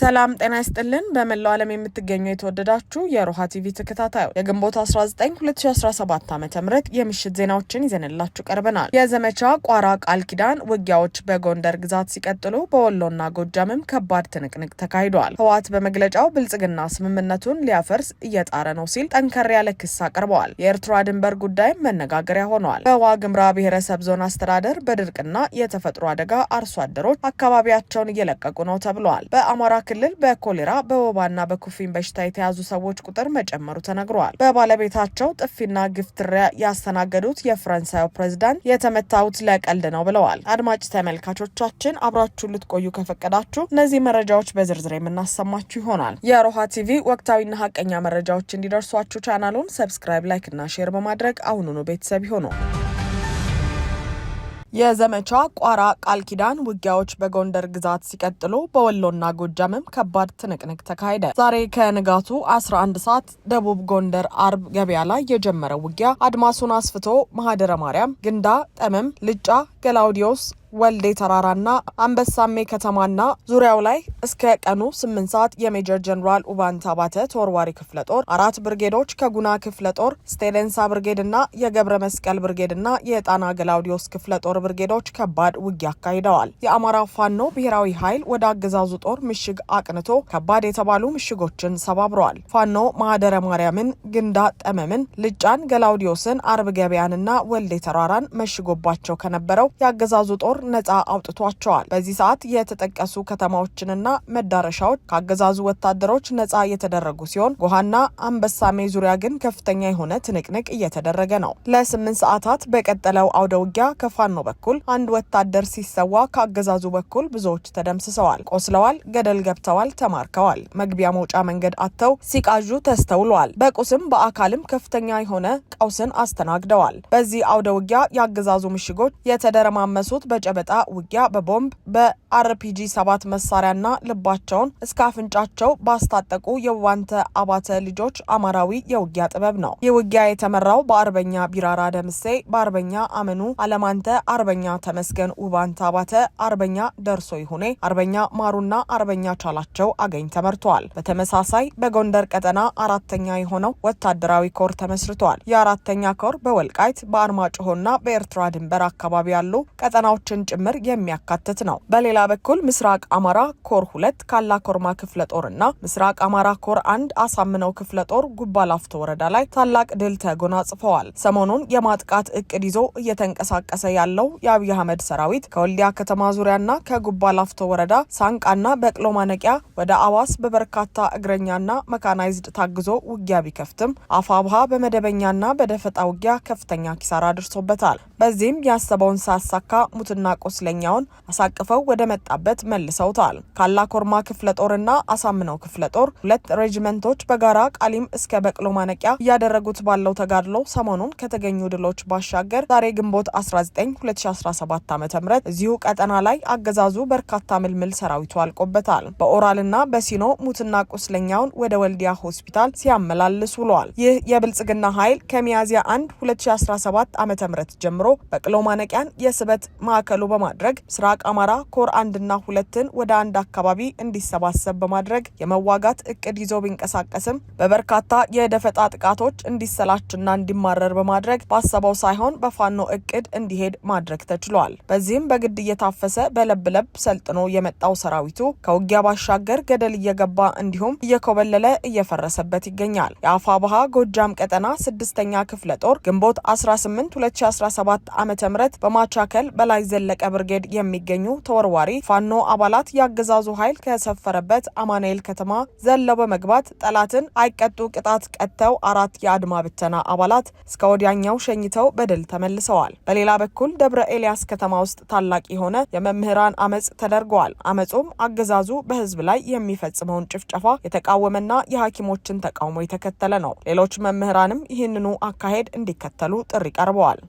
ሰላም ጤና ይስጥልን። በመላው ዓለም የምትገኙ የተወደዳችሁ የሮሃ ቲቪ ተከታታዮች የግንቦት 19 2017 ዓ ም የምሽት ዜናዎችን ይዘንላችሁ ቀርበናል። የዘመቻ ቋራ ቃል ኪዳን ውጊያዎች በጎንደር ግዛት ሲቀጥሉ በወሎና ጎጃምም ከባድ ትንቅንቅ ተካሂደዋል። ህወሓት በመግለጫው ብልጽግና ስምምነቱን ሊያፈርስ እየጣረ ነው ሲል ጠንከር ያለ ክስ አቅርበዋል። የኤርትራ ድንበር ጉዳይም መነጋገሪያ ሆነዋል። በዋግ ብሔረሰብ ዞን አስተዳደር በድርቅና የተፈጥሮ አደጋ አርሶ አደሮች አካባቢያቸውን እየለቀቁ ነው ተብለዋል። በአማራ ክልል በኮሌራ በወባና በኩፍኝ በሽታ የተያዙ ሰዎች ቁጥር መጨመሩ ተነግረዋል። በባለቤታቸው ጥፊና ግፍትሪያ ያስተናገዱት የፈረንሳዩ ፕሬዝዳንት የተመታሁት ለቀልድ ነው ብለዋል። አድማጭ ተመልካቾቻችን አብራችሁ ልትቆዩ ከፈቀዳችሁ እነዚህ መረጃዎች በዝርዝር የምናሰማችሁ ይሆናል። የሮሃ ቲቪ ወቅታዊና ሀቀኛ መረጃዎች እንዲደርሷችሁ ቻናሉን ሰብስክራይብ፣ ላይክ እና ሼር በማድረግ አሁኑኑ ቤተሰብ ይሁኑ። የዘመቻ ቋራ ቃል ኪዳን ውጊያዎች በጎንደር ግዛት ሲቀጥሉ በወሎና ጎጃምም ከባድ ትንቅንቅ ተካሄደ። ዛሬ ከንጋቱ 11 ሰዓት ደቡብ ጎንደር አርብ ገበያ ላይ የጀመረው ውጊያ አድማሱን አስፍቶ ማህደረ ማርያም፣ ግንዳ፣ ጠመም፣ ልጫ፣ ገላውዲዮስ፣ ወልዴ ተራራና አንበሳሜ ከተማና ዙሪያው ላይ እስከ ቀኑ ስምንት ሰዓት የሜጀር ጀኔራል ኡባንታ ባተ ተወርዋሪ ክፍለ ጦር አራት ብርጌዶች ከጉና ክፍለ ጦር ስቴሌንሳ ብርጌድና የገብረ መስቀል ብርጌድና የጣና ገላውዲዮስ ክፍለ ጦር ብርጌዶች ከባድ ውጊያ አካሂደዋል። የአማራ ፋኖ ብሔራዊ ኃይል ወደ አገዛዙ ጦር ምሽግ አቅንቶ ከባድ የተባሉ ምሽጎችን ሰባብረዋል። ፋኖ ማህደረ ማርያምን፣ ግንዳ ጠመምን፣ ልጫን፣ ገላውዲዮስን፣ አርብ ገበያንና ወልዴ ተራራን መሽጎባቸው ከነበረው የአገዛዙ ጦር ጦር ነጻ አውጥቷቸዋል። በዚህ ሰዓት የተጠቀሱ ከተማዎችንና መዳረሻዎች ከአገዛዙ ወታደሮች ነጻ የተደረጉ ሲሆን ጎሃና አንበሳሜ ዙሪያ ግን ከፍተኛ የሆነ ትንቅንቅ እየተደረገ ነው። ለስምንት ሰዓታት በቀጠለው አውደ ውጊያ ከፋኖ በኩል አንድ ወታደር ሲሰዋ፣ ከአገዛዙ በኩል ብዙዎች ተደምስሰዋል፣ ቆስለዋል፣ ገደል ገብተዋል፣ ተማርከዋል። መግቢያ መውጫ መንገድ አጥተው ሲቃዡ ተስተውለዋል። በቁስም በአካልም ከፍተኛ የሆነ ቀውስን አስተናግደዋል። በዚህ አውደ ውጊያ የአገዛዙ ምሽጎች የተደረማመሱት በጨ በጨበጣ ውጊያ በቦምብ በአርፒጂ ሰባት መሳሪያና ልባቸውን እስከ አፍንጫቸው ባስታጠቁ የዋንተ አባተ ልጆች አማራዊ የውጊያ ጥበብ ነው። ይህ ውጊያ የተመራው በአርበኛ ቢራራ ደምሴ፣ በአርበኛ አመኑ አለማንተ፣ አርበኛ ተመስገን ውባንተ አባተ፣ አርበኛ ደርሶ ይሁኔ፣ አርበኛ ማሩና አርበኛ ቻላቸው አገኝ ተመርተዋል። በተመሳሳይ በጎንደር ቀጠና አራተኛ የሆነው ወታደራዊ ኮር ተመስርተዋል። የአራተኛ ኮር በወልቃይት በአርማጭሆና በኤርትራ ድንበር አካባቢ ያሉ ቀጠናዎችን ኃይሎችን ጭምር የሚያካትት ነው። በሌላ በኩል ምስራቅ አማራ ኮር ሁለት ካላኮርማ ክፍለ ጦር እና ምስራቅ አማራ ኮር አንድ አሳምነው ክፍለ ጦር ጉባላፍቶ ወረዳ ላይ ታላቅ ድል ተጎናጽፈዋል። ሰሞኑን የማጥቃት እቅድ ይዞ እየተንቀሳቀሰ ያለው የአብይ አህመድ ሰራዊት ከወልዲያ ከተማ ዙሪያና ከጉባላፍቶ ወረዳ ሳንቃና በቅሎ ማነቂያ ወደ አዋስ በበርካታ እግረኛና መካናይዝድ ታግዞ ውጊያ ቢከፍትም አፋብሃ በመደበኛና በደፈጣ ውጊያ ከፍተኛ ኪሳራ ደርሶበታል። በዚህም ያሰበውን ሳያሳካ ሙትና ሙትና ቁስለኛውን አሳቅፈው ወደ መጣበት መልሰውታል። ካላ ኮርማ ክፍለ ጦርና አሳምነው ክፍለ ጦር ሁለት ሬጅመንቶች በጋራ ቃሊም እስከ በቅሎ ማነቂያ እያደረጉት ባለው ተጋድሎ ሰሞኑን ከተገኙ ድሎች ባሻገር ዛሬ ግንቦት 19 2017 ዓ ም እዚሁ ቀጠና ላይ አገዛዙ በርካታ ምልምል ሰራዊቱ አልቆበታል። በኦራልና በሲኖ ሙትና ቁስለኛውን ወደ ወልዲያ ሆስፒታል ሲያመላልስ ውሏል። ይህ የብልጽግና ኃይል ከሚያዝያ 1 2017 ዓ ም ጀምሮ በቅሎ ማነቂያን የስበት ማዕከሉ እንዲቀላቀሉ በማድረግ ምስራቅ አማራ ኮር አንድና ሁለትን ወደ አንድ አካባቢ እንዲሰባሰብ በማድረግ የመዋጋት እቅድ ይዞ ቢንቀሳቀስም በበርካታ የደፈጣ ጥቃቶች እንዲሰላችና እንዲማረር በማድረግ ባሰበው ሳይሆን በፋኖ እቅድ እንዲሄድ ማድረግ ተችሏል። በዚህም በግድ እየታፈሰ በለብለብ ሰልጥኖ የመጣው ሰራዊቱ ከውጊያ ባሻገር ገደል እየገባ እንዲሁም እየኮበለለ እየፈረሰበት ይገኛል። የአፋ ባሃ ጎጃም ቀጠና ስድስተኛ ክፍለ ጦር ግንቦት 18 2017 ዓ ም በማቻከል በላይ ዘለ ዘለቀ ብርጌድ የሚገኙ ተወርዋሪ ፋኖ አባላት የአገዛዙ ኃይል ከሰፈረበት አማኑኤል ከተማ ዘለው በመግባት ጠላትን አይቀጡ ቅጣት ቀጥተው አራት የአድማ ብተና አባላት እስከ ወዲያኛው ሸኝተው በድል ተመልሰዋል። በሌላ በኩል ደብረ ኤልያስ ከተማ ውስጥ ታላቅ የሆነ የመምህራን አመፅ ተደርገዋል። አመፁም አገዛዙ በህዝብ ላይ የሚፈጽመውን ጭፍጨፋ የተቃወመና የሐኪሞችን ተቃውሞ የተከተለ ነው። ሌሎች መምህራንም ይህንኑ አካሄድ እንዲከተሉ ጥሪ ቀርበዋል።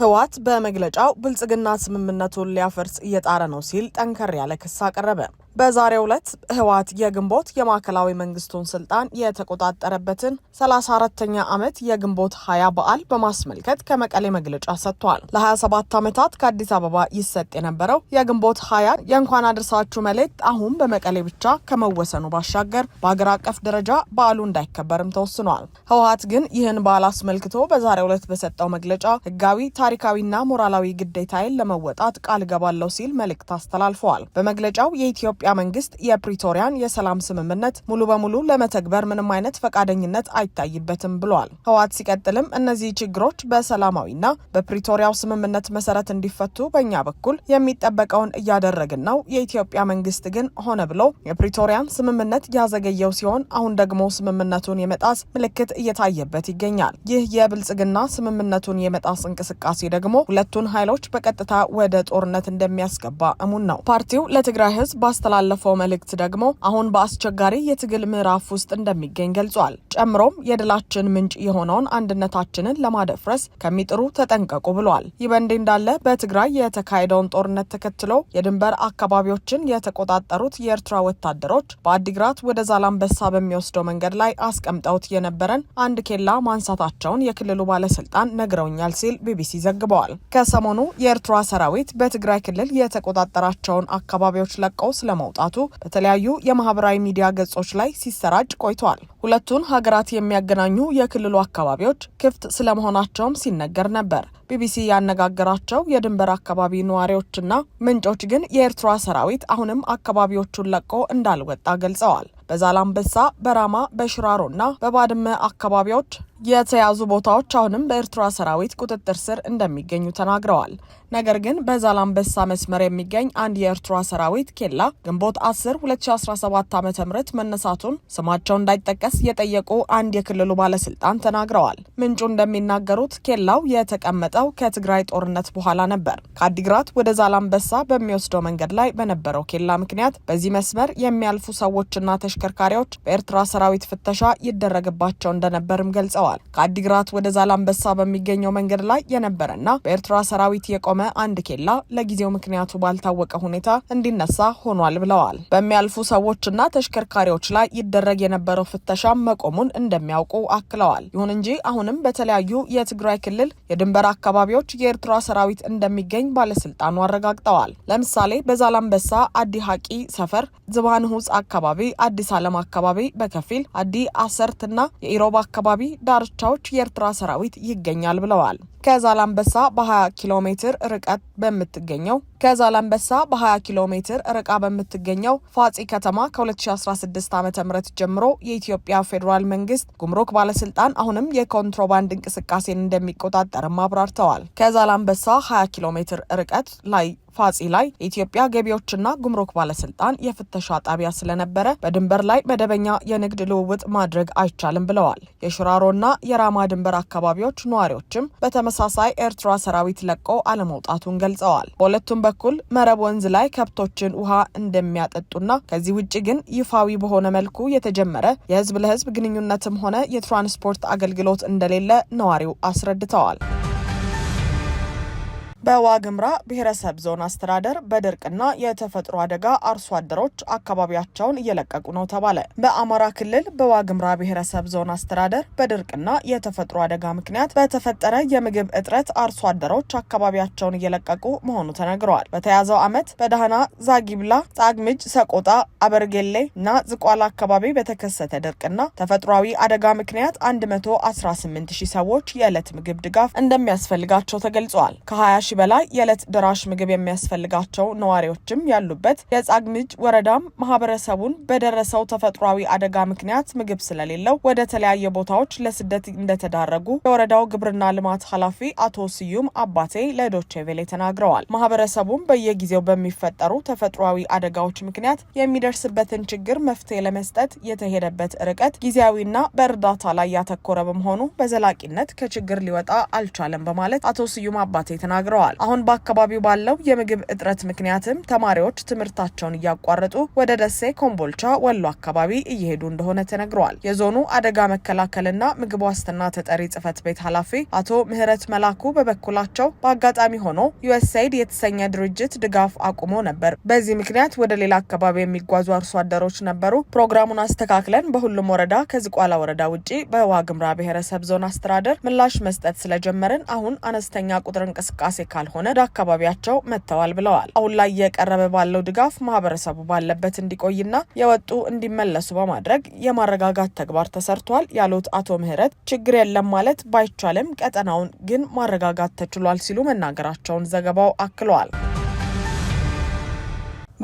ህወሓት በመግለጫው ብልጽግና ስምምነቱን ሊያፈርስ እየጣረ ነው ሲል ጠንከር ያለ ክስ አቀረበ። በዛሬው ዕለት ህወሓት የግንቦት የማዕከላዊ መንግስቱን ስልጣን የተቆጣጠረበትን 34ተኛ ዓመት የግንቦት ሀያ በዓል በማስመልከት ከመቀሌ መግለጫ ሰጥቷል። ለ27 ዓመታት ከአዲስ አበባ ይሰጥ የነበረው የግንቦት ሀያ የእንኳን አድርሳችሁ መልእክት አሁን በመቀሌ ብቻ ከመወሰኑ ባሻገር በአገር አቀፍ ደረጃ በዓሉ እንዳይከበርም ተወስኗል። ህወሓት ግን ይህን በዓል አስመልክቶ በዛሬው ዕለት በሰጠው መግለጫ ህጋዊ፣ ታሪካዊና ሞራላዊ ግዴታዬን ለመወጣት ቃል ገባለሁ ሲል መልእክት አስተላልፈዋል። በመግለጫው የኢትዮጵያ የኢትዮጵያ መንግስት የፕሪቶሪያን የሰላም ስምምነት ሙሉ በሙሉ ለመተግበር ምንም አይነት ፈቃደኝነት አይታይበትም ብለዋል። ህወሓት ሲቀጥልም እነዚህ ችግሮች በሰላማዊና በፕሪቶሪያው ስምምነት መሰረት እንዲፈቱ በእኛ በኩል የሚጠበቀውን እያደረግን ነው። የኢትዮጵያ መንግስት ግን ሆነ ብሎ የፕሪቶሪያን ስምምነት ያዘገየው ሲሆን አሁን ደግሞ ስምምነቱን የመጣስ ምልክት እየታየበት ይገኛል። ይህ የብልጽግና ስምምነቱን የመጣስ እንቅስቃሴ ደግሞ ሁለቱን ኃይሎች በቀጥታ ወደ ጦርነት እንደሚያስገባ እሙን ነው። ፓርቲው ለትግራይ ህዝብ ባስተላለፈው መልእክት ደግሞ አሁን በአስቸጋሪ የትግል ምዕራፍ ውስጥ እንደሚገኝ ገልጿል። ጨምሮም የድላችን ምንጭ የሆነውን አንድነታችንን ለማደፍረስ ከሚጥሩ ተጠንቀቁ ብሏል። ይህ በእንዲህ እንዳለ በትግራይ የተካሄደውን ጦርነት ተከትሎ የድንበር አካባቢዎችን የተቆጣጠሩት የኤርትራ ወታደሮች በአዲግራት ወደ ዛላንበሳ በሚወስደው መንገድ ላይ አስቀምጠውት የነበረን አንድ ኬላ ማንሳታቸውን የክልሉ ባለስልጣን ነግረውኛል ሲል ቢቢሲ ዘግበዋል። ከሰሞኑ የኤርትራ ሰራዊት በትግራይ ክልል የተቆጣጠራቸውን አካባቢዎች ለቀው ስለ በመውጣቱ በተለያዩ የማህበራዊ ሚዲያ ገጾች ላይ ሲሰራጭ ቆይተዋል። ሁለቱን ሀገራት የሚያገናኙ የክልሉ አካባቢዎች ክፍት ስለመሆናቸውም ሲነገር ነበር። ቢቢሲ ያነጋገራቸው የድንበር አካባቢ ነዋሪዎችና ምንጮች ግን የኤርትራ ሰራዊት አሁንም አካባቢዎቹን ለቆ እንዳልወጣ ገልጸዋል። በዛላምበሳ፣ በራማ፣ በሽራሮ እና በባድመ አካባቢዎች የተያዙ ቦታዎች አሁንም በኤርትራ ሰራዊት ቁጥጥር ስር እንደሚገኙ ተናግረዋል። ነገር ግን በዛላምበሳ መስመር የሚገኝ አንድ የኤርትራ ሰራዊት ኬላ ግንቦት 10 2017 ዓ ም መነሳቱን ስማቸው እንዳይጠቀስ የጠየቁ አንድ የክልሉ ባለስልጣን ተናግረዋል። ምንጩ እንደሚናገሩት ኬላው የተቀመጠው ከትግራይ ጦርነት በኋላ ነበር። ከአዲግራት ወደ ዛላምበሳ በሚወስደው መንገድ ላይ በነበረው ኬላ ምክንያት በዚህ መስመር የሚያልፉ ሰዎችና ተሽ ተሽከርካሪዎች በኤርትራ ሰራዊት ፍተሻ ይደረግባቸው እንደነበርም ገልጸዋል። ከአዲግራት ወደ ዛላንበሳ በሚገኘው መንገድ ላይ የነበረና በኤርትራ ሰራዊት የቆመ አንድ ኬላ ለጊዜው ምክንያቱ ባልታወቀ ሁኔታ እንዲነሳ ሆኗል ብለዋል። በሚያልፉ ሰዎችና ተሽከርካሪዎች ላይ ይደረግ የነበረው ፍተሻ መቆሙን እንደሚያውቁ አክለዋል። ይሁን እንጂ አሁንም በተለያዩ የትግራይ ክልል የድንበር አካባቢዎች የኤርትራ ሰራዊት እንደሚገኝ ባለስልጣኑ አረጋግጠዋል። ለምሳሌ በዛላንበሳ አዲ ሀቂ ሰፈር ዝባንሁፅ አካባቢ አዲስ አዲስ ዓለም አካባቢ በከፊል አዲ አሰርትና የኢሮብ አካባቢ ዳርቻዎች የኤርትራ ሰራዊት ይገኛል ብለዋል። ከዛላምበሳ በ20 ኪሎ ሜትር ርቀት በምትገኘው ከዛላንበሳ በ20 ኪሎ ሜትር ርቃ በምትገኘው ፋጺ ከተማ ከ2016 ዓ ም ጀምሮ የኢትዮጵያ ፌዴራል መንግስት ጉምሩክ ባለስልጣን አሁንም የኮንትሮባንድ እንቅስቃሴን እንደሚቆጣጠርም አብራርተዋል። ከዛላንበሳ 20 ኪሎ ሜትር ርቀት ላይ ፋጺ ላይ የኢትዮጵያ ገቢዎችና ጉምሩክ ባለስልጣን የፍተሻ ጣቢያ ስለነበረ በድንበር ላይ መደበኛ የንግድ ልውውጥ ማድረግ አይቻልም ብለዋል። የሽራሮና የራማ ድንበር አካባቢዎች ነዋሪዎችም በተመሳሳይ ኤርትራ ሰራዊት ለቆ አለመውጣቱን ገልጸዋል። በሁለቱም በኩል መረብ ወንዝ ላይ ከብቶችን ውሃ እንደሚያጠጡና ከዚህ ውጭ ግን ይፋዊ በሆነ መልኩ የተጀመረ የህዝብ ለህዝብ ግንኙነትም ሆነ የትራንስፖርት አገልግሎት እንደሌለ ነዋሪው አስረድተዋል። በዋግምራ ብሔረሰብ ዞን አስተዳደር በድርቅና የተፈጥሮ አደጋ አርሶ አደሮች አካባቢያቸውን እየለቀቁ ነው ተባለ። በአማራ ክልል በዋግምራ ብሔረሰብ ዞን አስተዳደር በድርቅና የተፈጥሮ አደጋ ምክንያት በተፈጠረ የምግብ እጥረት አርሶ አደሮች አካባቢያቸውን እየለቀቁ መሆኑ ተነግረዋል። በተያዘው ዓመት በዳህና ዛጊብላ፣ ጻግምጅ፣ ሰቆጣ፣ አበርጌሌ እና ዝቋላ አካባቢ በተከሰተ ድርቅና ተፈጥሯዊ አደጋ ምክንያት 118 ሺህ ሰዎች የዕለት ምግብ ድጋፍ እንደሚያስፈልጋቸው ተገልጿል። ከ20 ሺ በላይ የዕለት ደራሽ ምግብ የሚያስፈልጋቸው ነዋሪዎችም ያሉበት የጻግምጅ ወረዳም ማህበረሰቡን በደረሰው ተፈጥሯዊ አደጋ ምክንያት ምግብ ስለሌለው ወደ ተለያየ ቦታዎች ለስደት እንደተዳረጉ የወረዳው ግብርና ልማት ኃላፊ አቶ ስዩም አባቴ ለዶቼ ቬሌ ተናግረዋል። ማህበረሰቡም በየጊዜው በሚፈጠሩ ተፈጥሯዊ አደጋዎች ምክንያት የሚደርስበትን ችግር መፍትሄ ለመስጠት የተሄደበት ርቀት ጊዜያዊና በእርዳታ ላይ ያተኮረ በመሆኑ በዘላቂነት ከችግር ሊወጣ አልቻለም በማለት አቶ ስዩም አባቴ ተናግረዋል። ተናግረዋል። አሁን በአካባቢው ባለው የምግብ እጥረት ምክንያትም ተማሪዎች ትምህርታቸውን እያቋረጡ ወደ ደሴ፣ ኮምቦልቻ፣ ወሎ አካባቢ እየሄዱ እንደሆነ ተነግረዋል። የዞኑ አደጋ መከላከልና ምግብ ዋስትና ተጠሪ ጽህፈት ቤት ኃላፊ አቶ ምህረት መላኩ በበኩላቸው በአጋጣሚ ሆኖ ዩኤስአይድ የተሰኘ ድርጅት ድጋፍ አቁሞ ነበር። በዚህ ምክንያት ወደ ሌላ አካባቢ የሚጓዙ አርሶ አደሮች ነበሩ። ፕሮግራሙን አስተካክለን በሁሉም ወረዳ ከዝቋላ ወረዳ ውጪ በዋግምራ ብሔረሰብ ዞን አስተዳደር ምላሽ መስጠት ስለጀመርን አሁን አነስተኛ ቁጥር እንቅስቃሴ ካልሆነ ወደ አካባቢያቸው መጥተዋል ብለዋል። አሁን ላይ የቀረበ ባለው ድጋፍ ማህበረሰቡ ባለበት እንዲቆይና የወጡ እንዲመለሱ በማድረግ የማረጋጋት ተግባር ተሰርቷል ያሉት አቶ ምህረት ችግር የለም ማለት ባይቻልም ቀጠናውን ግን ማረጋጋት ተችሏል ሲሉ መናገራቸውን ዘገባው አክሏል።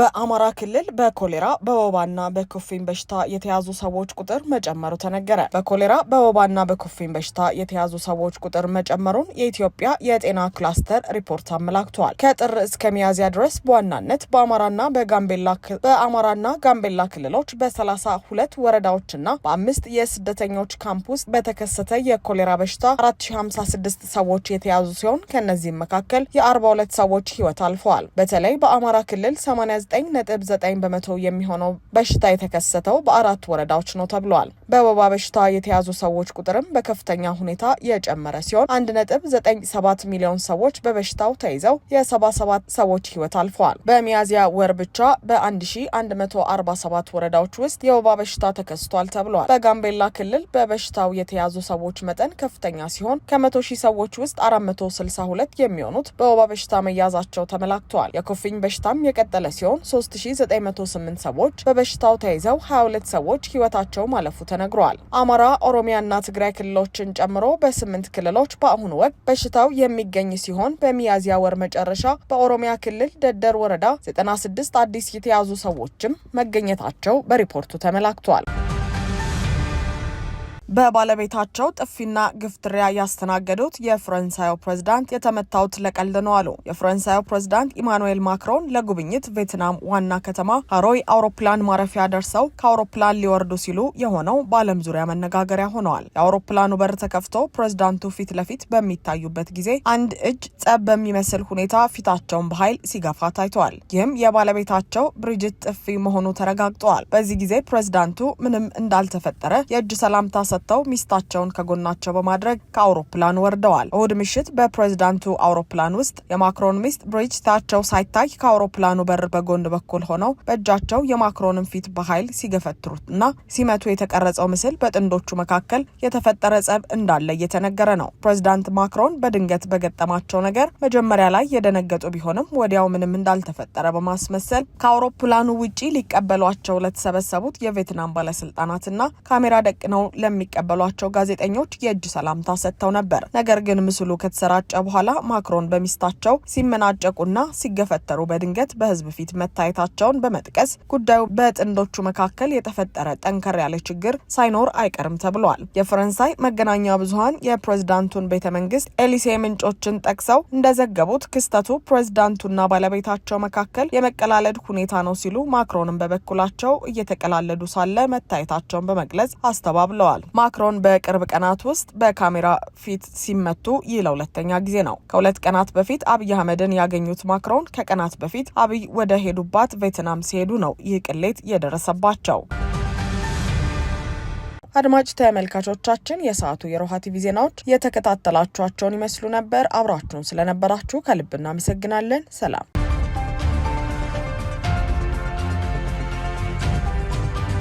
በአማራ ክልል በኮሌራ በወባና በኩፍኝ በሽታ የተያዙ ሰዎች ቁጥር መጨመሩ ተነገረ። በኮሌራ በወባና በኩፍኝ በሽታ የተያዙ ሰዎች ቁጥር መጨመሩን የኢትዮጵያ የጤና ክላስተር ሪፖርት አመላክቷል። ከጥር እስከ ሚያዝያ ድረስ በዋናነት በአማራና በጋምቤላ በአማራና ጋምቤላ ክልሎች በሰላሳ ሁለት ወረዳዎችና በአምስት የስደተኞች ካምፕ ውስጥ በተከሰተ የኮሌራ በሽታ 4056 ሰዎች የተያዙ ሲሆን ከእነዚህም መካከል የ42 ሰዎች ህይወት አልፈዋል። በተለይ በአማራ ክልል 99 በመቶ የሚሆነው በሽታ የተከሰተው በአራት ወረዳዎች ነው ተብሏል። በወባ በሽታ የተያዙ ሰዎች ቁጥርም በከፍተኛ ሁኔታ የጨመረ ሲሆን 1.97 ሚሊዮን ሰዎች በበሽታው ተይዘው የ77 ሰዎች ህይወት አልፈዋል። በሚያዝያ ወር ብቻ በ1147 ወረዳዎች ውስጥ የወባ በሽታ ተከስቷል ተብሏል። በጋምቤላ ክልል በበሽታው የተያዙ ሰዎች መጠን ከፍተኛ ሲሆን ከመቶ ሺህ ሰዎች ውስጥ 462 የሚሆኑት በወባ በሽታ መያዛቸው ተመላክተዋል። የኩፍኝ በሽታም የቀጠለ ሲሆን ያለውን 3908 ሰዎች በበሽታው ተይዘው 22 ሰዎች ህይወታቸው ማለፉ ተነግሯል። አማራ፣ ኦሮሚያና ትግራይ ክልሎችን ጨምሮ በስምንት ክልሎች በአሁኑ ወቅት በሽታው የሚገኝ ሲሆን በሚያዝያ ወር መጨረሻ በኦሮሚያ ክልል ደደር ወረዳ 96 አዲስ የተያዙ ሰዎችም መገኘታቸው በሪፖርቱ ተመላክቷል። በባለቤታቸው ጥፊና ግፍትሪያ ያስተናገዱት የፈረንሳዩ ፕሬዝዳንት የተመታውት ለቀልድ ነው አሉ። የፈረንሳዩ ፕሬዝዳንት ኢማኑኤል ማክሮን ለጉብኝት ቬትናም ዋና ከተማ ሃሮይ አውሮፕላን ማረፊያ ደርሰው ከአውሮፕላን ሊወርዱ ሲሉ የሆነው በዓለም ዙሪያ መነጋገሪያ ሆነዋል። የአውሮፕላኑ በር ተከፍቶ ፕሬዝዳንቱ ፊት ለፊት በሚታዩበት ጊዜ አንድ እጅ ጸብ በሚመስል ሁኔታ ፊታቸውን በኃይል ሲገፋ ታይተዋል። ይህም የባለቤታቸው ብሪጅት ጥፊ መሆኑ ተረጋግጠዋል። በዚህ ጊዜ ፕሬዝዳንቱ ምንም እንዳልተፈጠረ የእጅ ሰላምታ ወጥተው ሚስታቸውን ከጎናቸው በማድረግ ከአውሮፕላን ወርደዋል። እሁድ ምሽት በፕሬዚዳንቱ አውሮፕላን ውስጥ የማክሮን ሚስት ብሪጅታቸው ሳይታይ ከአውሮፕላኑ በር በጎን በኩል ሆነው በእጃቸው የማክሮንን ፊት በኃይል እና ሲመቱ የተቀረጸው ምስል በጥንዶቹ መካከል የተፈጠረ ጸብ እንዳለ እየተነገረ ነው። ፕሬዚዳንት ማክሮን በድንገት በገጠማቸው ነገር መጀመሪያ ላይ የደነገጡ ቢሆንም ወዲያው ምንም እንዳልተፈጠረ በማስመሰል ከአውሮፕላኑ ውጪ ሊቀበሏቸው ለተሰበሰቡት የቬትናም ባለስልጣናትና ካሜራ ደቅነው ለሚ የሚቀበሏቸው ጋዜጠኞች የእጅ ሰላምታ ሰጥተው ነበር። ነገር ግን ምስሉ ከተሰራጨ በኋላ ማክሮን በሚስታቸው ሲመናጨቁና ሲገፈተሩ በድንገት በህዝብ ፊት መታየታቸውን በመጥቀስ ጉዳዩ በጥንዶቹ መካከል የተፈጠረ ጠንከር ያለ ችግር ሳይኖር አይቀርም ተብሏል። የፈረንሳይ መገናኛ ብዙኃን የፕሬዝዳንቱን ቤተ መንግስት ኤሊሴ ምንጮችን ጠቅሰው እንደዘገቡት ክስተቱ ፕሬዝዳንቱና ባለቤታቸው መካከል የመቀላለድ ሁኔታ ነው ሲሉ ማክሮንም በበኩላቸው እየተቀላለዱ ሳለ መታየታቸውን በመግለጽ አስተባብለዋል። ማክሮን በቅርብ ቀናት ውስጥ በካሜራ ፊት ሲመቱ ይህ ለሁለተኛ ጊዜ ነው። ከሁለት ቀናት በፊት አብይ አህመድን ያገኙት ማክሮን ከቀናት በፊት አብይ ወደ ሄዱባት ቬትናም ሲሄዱ ነው ይህ ቅሌት የደረሰባቸው። አድማጭ ተመልካቾቻችን የሰዓቱ የሮሃ ቲቪ ዜናዎች የተከታተላችኋቸውን ይመስሉ ነበር። አብራችሁን ስለነበራችሁ ከልብ እናመሰግናለን። ሰላም